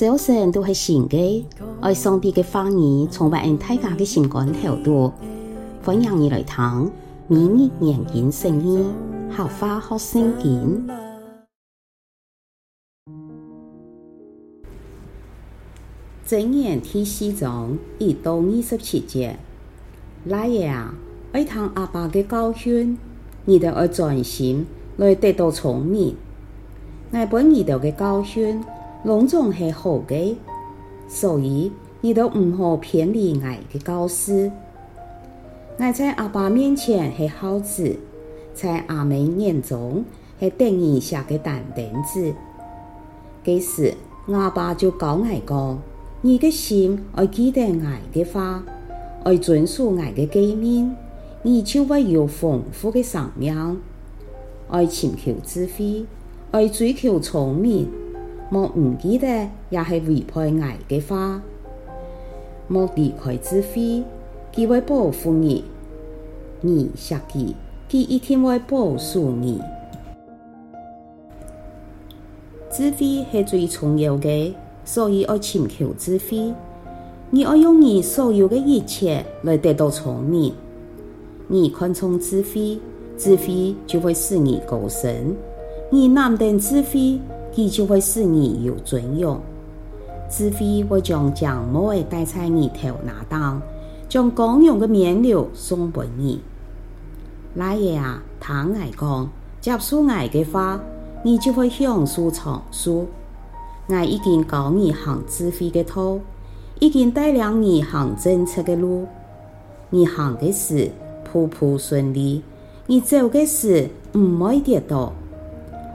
早晨都是新嘅，愛上帝嘅方言，從不恩大家嘅情感厚度，歡迎你來聽，明日人間聲音，好花好生健。箴言第四章一到二十七節，來呀、啊！愛聽阿爸嘅教訓，你兜愛專心來得到聰明，愛本你兜嘅教訓。攏總係好嘅，所以你都唔好偏離愛的教思。愛在阿爸，爸面前係好子，在阿妹眼中係頂嚴下嘅蛋蛋子。嗰時阿爸就講愛講，你的心愛記得愛的話，愛遵守愛的誡命，你就不要豐富的生命，愛輕求智慧，愛追求聰明。莫唔記得，也的我，也係違背我嘅話。莫離開智慧，智慧會保護你，你識字，佢一定會保護你。智慧係最重要嘅，所以要尋求智慧。你要用你所有嘅一切嚟得到聰明，你看重智慧，智慧就會使你高升。你難定智慧。佢就會使你有尊榮，智慧會將將某個帶在你頭拿當，將光榮的名料送給你。來也啊，唐愛講，接受 𠊎 嘅話，你就會享舒暢舒。我已經教你行智慧嘅道，已經帶領你行正確嘅路。你行嘅事，步步順利；你做嘅事，唔會跌倒。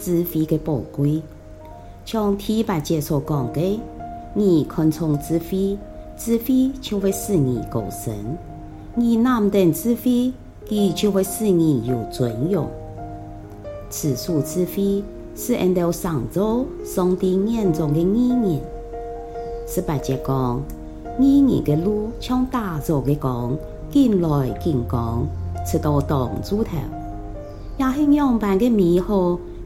智慧嘅寶貴，像第八節所講嘅，你看重智慧，智慧就會使你高升，你難登智慧，佢就會使你有尊榮。此處智慧是按照上主上帝眼中的意女。十八節講，兒女嘅路像打坐嘅光，進來進光，直到當住頭，也是樣板嘅美好。